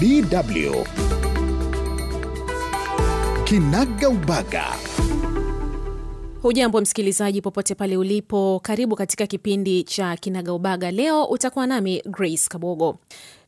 DW Kinaga Ubaga. Hujambo msikilizaji, popote pale ulipo, karibu katika kipindi cha Kinaga Ubaga. Leo utakuwa nami Grace Kabogo.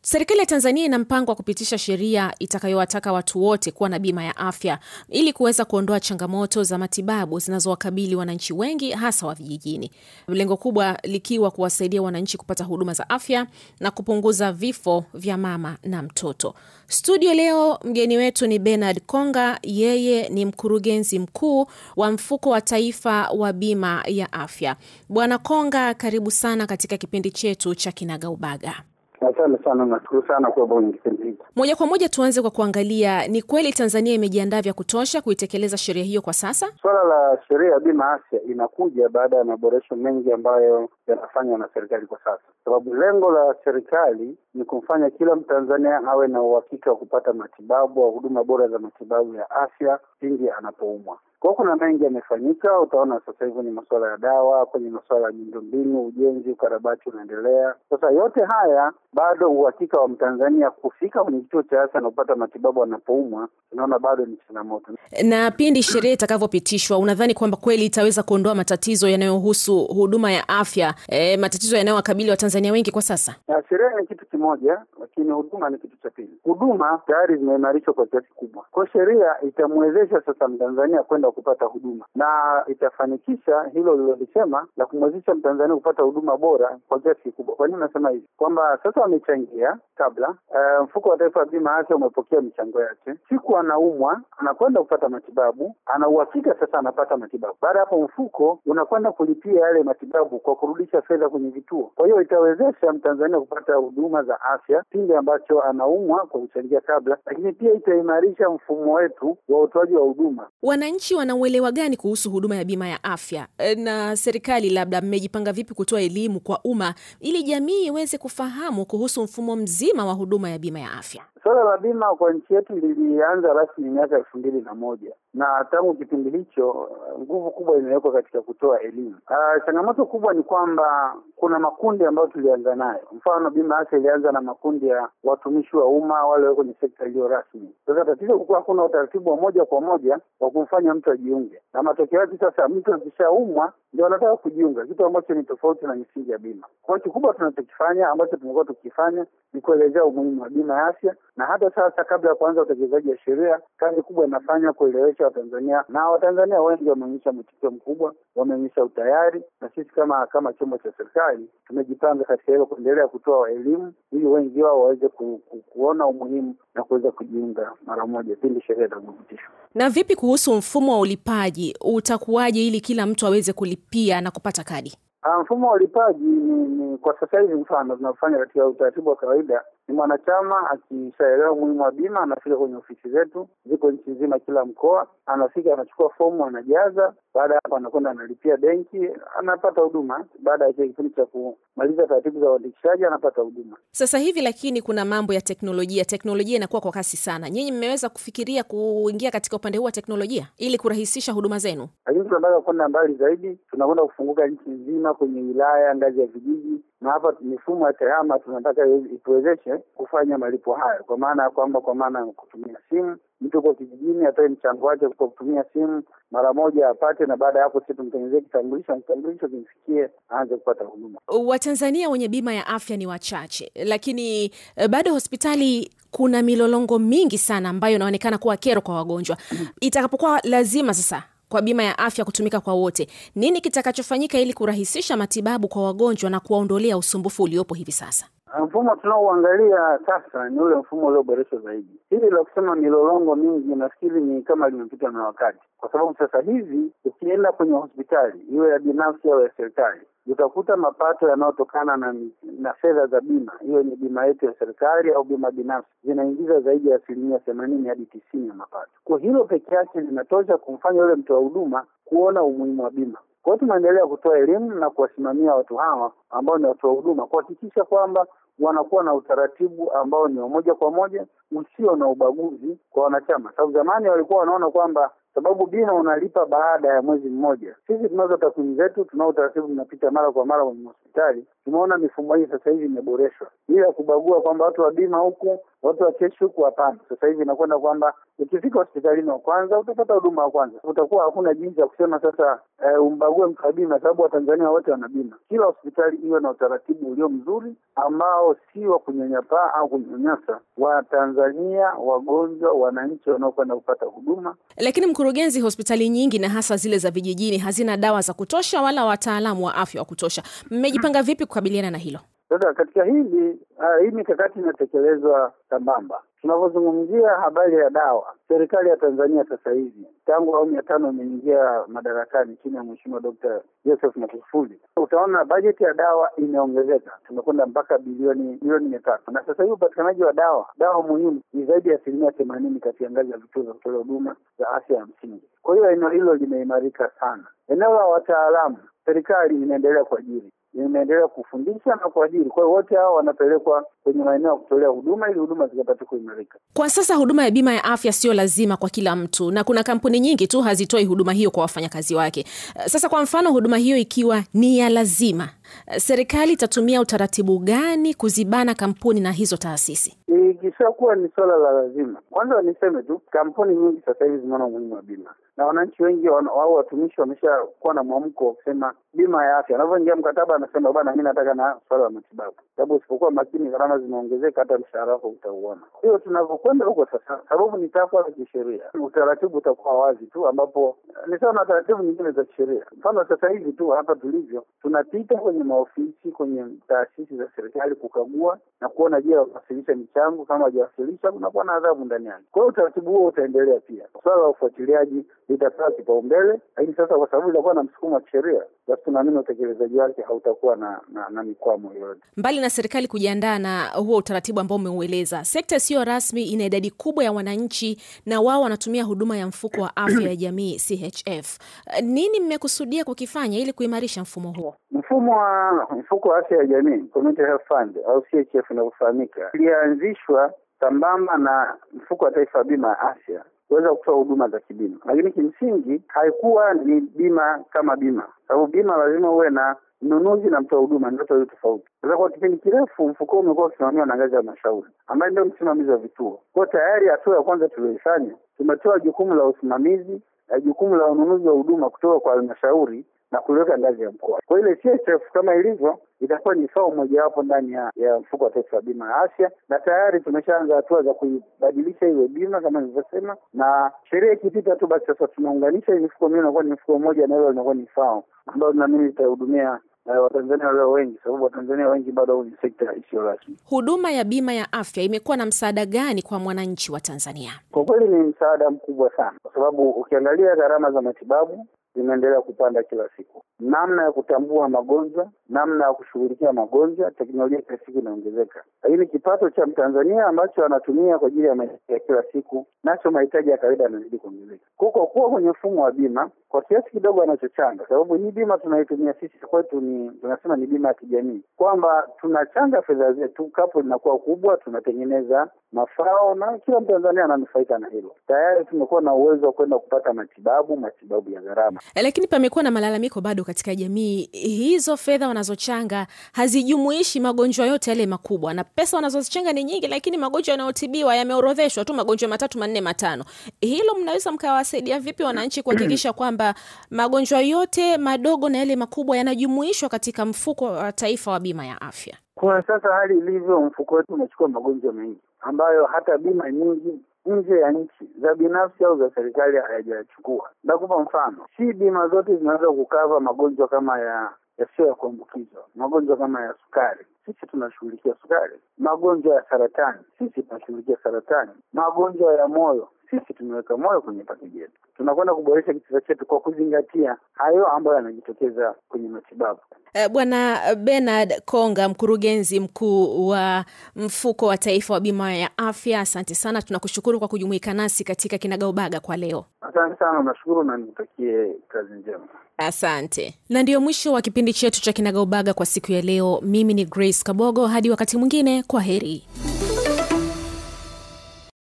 Serikali ya Tanzania ina mpango wa kupitisha sheria itakayowataka watu wote kuwa na bima ya afya ili kuweza kuondoa changamoto za matibabu zinazowakabili wananchi wengi hasa wa vijijini, lengo kubwa likiwa kuwasaidia wananchi kupata huduma za afya na kupunguza vifo vya mama na mtoto. Studio leo mgeni wetu ni Bernard Konga, yeye ni mkurugenzi mkuu wa mfuko wa taifa wa bima ya afya. Bwana Konga, karibu sana katika kipindi chetu cha Kinagaubaga. Asante sana, nashukuru sana kwa kuwa kipindi hiki. Moja kwa moja tuanze kwa kuangalia, ni kweli Tanzania imejiandaa vya kutosha kuitekeleza sheria hiyo kwa sasa? Suala la sheria ya bima afya inakuja baada ya maboresho mengi ambayo yanafanywa na serikali kwa sasa, sababu lengo la serikali ni kumfanya kila Mtanzania awe na uhakika wa kupata matibabu au huduma bora za matibabu ya afya pindi anapoumwa. Kwa kuna mengi yamefanyika, utaona sasa hivi ni masuala ya dawa, kwenye masuala ya miundombinu, ujenzi, ukarabati unaendelea. Sasa yote haya bado uhakika wa Mtanzania kufika kwenye kituo cha afya na kupata matibabu anapoumwa, tunaona bado ni changamoto. Na pindi sheria itakavyopitishwa, unadhani kwamba kweli itaweza kuondoa matatizo yanayohusu huduma ya afya e, matatizo yanayowakabili Watanzania wengi kwa sasa? Sheria ni kitu kimoja, lakini huduma ni kitu cha pili. Huduma tayari zimeimarishwa kwa kiasi kubwa, kwa sheria itamwezesha sasa Mtanzania kwenda wa kupata huduma, na itafanikisha hilo lilolisema la kumwezesha Mtanzania kupata huduma bora kwa kiasi kikubwa. Kwa nini nasema hivi? Kwamba sasa wamechangia kabla. Uh, mfuko wa taifa wa bima afya umepokea michango yake. Siku anaumwa anakwenda kupata matibabu, anauhakika sasa anapata matibabu. Baada ya hapo, mfuko unakwenda kulipia yale matibabu kwa kurudisha fedha kwenye vituo. Kwa hiyo itawezesha Mtanzania kupata huduma za afya pindi ambacho anaumwa kwa kuchangia kabla, lakini pia itaimarisha mfumo wetu wa utoaji wa huduma wananchi ana uelewa gani kuhusu huduma ya bima ya afya, e, na serikali labda mmejipanga vipi kutoa elimu kwa umma ili jamii iweze kufahamu kuhusu mfumo mzima wa huduma ya bima ya afya? Suala la bima kwa nchi yetu lilianza rasmi miaka elfu mbili na moja na tangu kipindi hicho nguvu kubwa imewekwa katika kutoa elimu. Uh, changamoto kubwa ni kwamba kuna makundi ambayo tulianza nayo, mfano bima afya ilianza na makundi ya watumishi wa umma wale kwenye sekta iliyo rasmi. Sasa tatizo kukuwa hakuna utaratibu wa moja kwa moja wa kumfanya mtu ajiunge, na matokeo yake sasa mtu akishaumwa ndio anataka kujiunga, kitu ambacho ni tofauti na misingi ya bima. Kwa kikubwa tunachokifanya ambacho tumekuwa tukifanya ni kuelezea umuhimu wa bima ya afya na hata sasa kabla ya kuanza utekelezaji wa sheria, kazi kubwa inafanywa kuelewesha Watanzania, na Watanzania wengi wameonyesha mwitikio mkubwa, wameonyesha utayari, na sisi kama kama chombo cha serikali tumejipanga katika hilo, kuendelea kutoa elimu ili wengi wao waweze ku, ku, kuona umuhimu na kuweza kujiunga mara moja pindi sheria itakapopitisha. Na vipi kuhusu mfumo wa ulipaji, utakuwaje ili kila mtu aweze kulipia na kupata kadi? Ah, mfumo wa ulipaji ni, ni kwa sasa hivi, mfano tunafanya katika utaratibu wa kawaida, ni mwanachama akishaelewa umuhimu wa bima anafika kwenye ofisi zetu, ziko nchi nzima, kila mkoa, anafika anachukua fomu anajaza, baada ya hapo anakwenda analipia benki, anapata huduma. Baada ya kile kipindi cha kumaliza taratibu za uandikishaji, anapata huduma. Sasa hivi lakini kuna mambo ya teknolojia, teknolojia inakuwa kwa kasi sana. Nyinyi mmeweza kufikiria kuingia katika upande huu wa teknolojia ili kurahisisha huduma zenu? Lakini tunataka kwenda mbali zaidi, tunakwenda kufunguka nchi nzima kwenye wilaya, ngazi ya vijiji na hapa mifumo ya tehama tunataka ituwezeshe kufanya malipo hayo, kwa maana ya kwamba kwa maana ya kutumia simu, mtu uko kijijini atoe mchango wake kwa kutumia simu mara moja apate, na baada ya hapo si tumtengenezee kitambulisho, kitambulisho kimfikie, aanze kupata huduma. Watanzania wenye bima ya afya ni wachache, lakini eh, bado hospitali kuna milolongo mingi sana ambayo inaonekana kuwa kero kwa wagonjwa. Mm. Itakapokuwa lazima sasa kwa bima ya afya kutumika kwa wote. Nini kitakachofanyika ili kurahisisha matibabu kwa wagonjwa na kuwaondolea usumbufu uliopo hivi sasa? Mfumo tunaouangalia sasa ni ule mfumo ulioboreshwa zaidi. Hili la kusema milolongo mingi, nafikiri ni kama limepitwa na wakati, kwa sababu sasa hivi ukienda kwenye hospitali iwe ya binafsi au ya serikali, utakuta mapato yanayotokana na, na fedha za bima, hiyo ni bima yetu ya serikali au bima binafsi, zinaingiza zaidi ya asilimia themanini hadi tisini ya mapato. Kwa hilo peke yake linatosha kumfanya yule mtoa huduma kuona umuhimu wa bima. Kwa hiyo tunaendelea kutoa elimu na kuwasimamia watu hawa ambao ni watoa huduma kuhakikisha kwamba wanakuwa na utaratibu ambao ni wa moja kwa moja usio na ubaguzi kwa wanachama, sababu zamani walikuwa wanaona kwamba sababu bima unalipa baada ya mwezi mmoja. Sisi tunazo takwimu zetu, tunao utaratibu, tunapita mara kwa mara kwenye hospitali. Tumeona mifumo hii sasa hivi imeboreshwa, bila kubagua kwamba watu wa bima huku watu wakesho huku hapana. Sasa hivi inakwenda kwamba ukifika hospitalini wa kwanza utapata huduma wa kwanza, utakuwa hakuna jinsi ya kusema sasa e, umbague wa bima, sababu Watanzania wote wana bima. Kila hospitali iwe na utaratibu ulio mzuri ambao si wa kunyanyapaa au kunyanyasa Watanzania wagonjwa, wananchi wanaokwenda kupata huduma. Lakini mkurugenzi, hospitali nyingi na hasa zile za vijijini hazina dawa za kutosha wala wataalamu wa afya wa kutosha. Mmejipanga vipi kukabiliana na hilo? Sasa katika hili uh, hii mikakati inatekelezwa sambamba. Tunavyozungumzia habari ya dawa, serikali ya Tanzania sasa hivi tangu awamu ya tano imeingia madarakani chini ya Mheshimiwa Dkt. Joseph Magufuli, utaona bajeti ya dawa imeongezeka, tumekwenda mpaka bilioni bilioni mia tatu, na sasa hivi upatikanaji wa dawa dawa muhimu ni zaidi ya asilimia themanini kati ya ngazi ya vituo vya kutolea huduma za afya ya msingi. Kwa hiyo eneo hilo limeimarika sana. Eneo la wataalamu, serikali inaendelea kuajiri imeendelea kufundisha na kuajiri. Kwa hiyo wote hao wanapelekwa kwenye maeneo ya kutolea huduma ili huduma zikapate kuimarika. Kwa sasa huduma ya bima ya afya siyo lazima kwa kila mtu, na kuna kampuni nyingi tu hazitoi huduma hiyo kwa wafanyakazi wake. Sasa kwa mfano, huduma hiyo ikiwa ni ya lazima, serikali itatumia utaratibu gani kuzibana kampuni na hizo taasisi? Ikishakuwa ni swala la lazima, kwanza niseme tu, kampuni nyingi sasa hivi zimeona umuhimu wa bima na wananchi wengi au watumishi wameshakuwa na mwamko wa kusema bima ya afya. Anavyoingia mkataba anasema bana, mi nataka na swala la matibabu, sababu usipokuwa makini gharama maana zimeongezeka, hata mshahara wako utauona. Hiyo tunavyokwenda huko sasa, sababu ni takwa za kisheria, utaratibu utakuwa wazi tu, ambapo eh, ni sawa na taratibu nyingine za kisheria. Mfano sasa hivi tu hapa tulivyo, tunapita kwenye maofisi, kwenye taasisi za serikali kukagua na kuona, je, wakuwasilisha michango? Kama wajawasilisha, kunakuwa na adhabu ndani yake. Kwa hiyo utaratibu huo utaendelea pia. Swala la ufuatiliaji litapewa kipaumbele, lakini sasa kwa sababu itakuwa na msukumo wa kisheria, basi tunaamini utekelezaji wake hautakuwa na, na, na mikwamo yoyote, mbali na serikali kujiandaa na huo utaratibu ambao umeueleza. Sekta isiyo rasmi ina idadi kubwa ya wananchi na wao wanatumia huduma ya mfuko wa afya ya jamii CHF. Nini mmekusudia kukifanya ili kuimarisha mfumo huo? Mfumo wa mfuko wa afya ya jamii Community Health Fund au CHF inavyofahamika, ilianzishwa sambamba na mfuko wa taifa wa bima ya afya kuweza kutoa huduma za kibima, lakini kimsingi haikuwa ni bima kama bima, sababu bima lazima uwe na mnunuzi na mtoa huduma ni watu tofauti. Sasa kwa kipindi kirefu mfuko huu umekuwa ukisimamiwa na ngazi ya halmashauri ambaye ndio msimamizi wa vituo. Kwa tayari hatua ya kwanza tulioifanya, tumetoa jukumu la usimamizi na jukumu la ununuzi wa huduma kutoka kwa halmashauri na kuliweka ngazi ya mkoa. Kwa ile CHF kama ilivyo itakuwa ni fao mojawapo ndani ya, ya mfuko wa taifa wa bima ya afya, na tayari tumeshaanza hatua za kuibadilisha iwe bima kama nilivyosema, na sheria ikipita tu basi sasa tunaunganisha hii mifuko mio inakuwa ni mfuko mmoja, na hilo linakuwa ni fao ambayo tunaamini litahudumia Watanzania walio wengi, sababu Watanzania wengi bado ni sekta isiyo rasmi. Huduma ya bima ya afya imekuwa na msaada gani kwa mwananchi wa Tanzania? Kwa kweli ni msaada mkubwa sana, kwa sababu ukiangalia gharama za matibabu zinaendelea kupanda kila siku. Namna ya kutambua magonjwa, namna ya kushughulikia magonjwa, teknolojia kila siku inaongezeka, lakini kipato cha Mtanzania ambacho anatumia kwa ajili ya mahitaji ya kila siku, nacho mahitaji ya kawaida yanazidi kuongezeka. Kwa kuwa kwenye mfumo wa bima, kwa kiasi kidogo anachochanga, sababu hii bima tunaitumia sisi kwetu ni tunasema ni bima ya kijamii, kwamba tunachanga fedha zetu, kapo linakuwa kubwa, tunatengeneza mafao na kila Mtanzania ananufaika na hilo. Tayari tumekuwa na uwezo wa kwenda kupata matibabu, matibabu ya gharama. Lakini pamekuwa na malalamiko bado katika jamii, hizo fedha wanazochanga hazijumuishi magonjwa yote yale makubwa, na pesa wanazozichanga ni nyingi, lakini magonjwa yanayotibiwa yameorodheshwa tu magonjwa matatu manne matano. Hilo mnaweza mkawasaidia vipi wananchi kuhakikisha kwamba magonjwa yote madogo na yale makubwa yanajumuishwa katika mfuko wa taifa wa bima ya afya? Kwa sasa hali ilivyo, mfuko wetu umechukua magonjwa mengi ambayo hata bima nyingi nje ya nchi za binafsi au za serikali hayajachukua. Ndakupa mfano, si bima zote zinaweza kukava magonjwa kama ya yasiyo ya kuambukizwa, magonjwa kama ya sukari, sisi tunashughulikia sukari. Magonjwa ya saratani, sisi tunashughulikia saratani. Magonjwa ya moyo sisi tumeweka moyo kwenye pakeji yetu. Tunakwenda kuboresha kitita chetu kwa kuzingatia hayo ambayo yanajitokeza kwenye matibabu. Eh, Bwana Bernard Konga, mkurugenzi mkuu wa mfuko wa taifa wa bima ya afya, asante sana, tunakushukuru kwa kujumuika nasi katika Kinagaubaga kwa leo. Asante sana, nashukuru na nikutakie kazi njema, asante. Na ndiyo mwisho wa kipindi chetu cha Kinagaubaga kwa siku ya leo. Mimi ni Grace Grace Kabogo. Hadi wakati mwingine, kwa heri.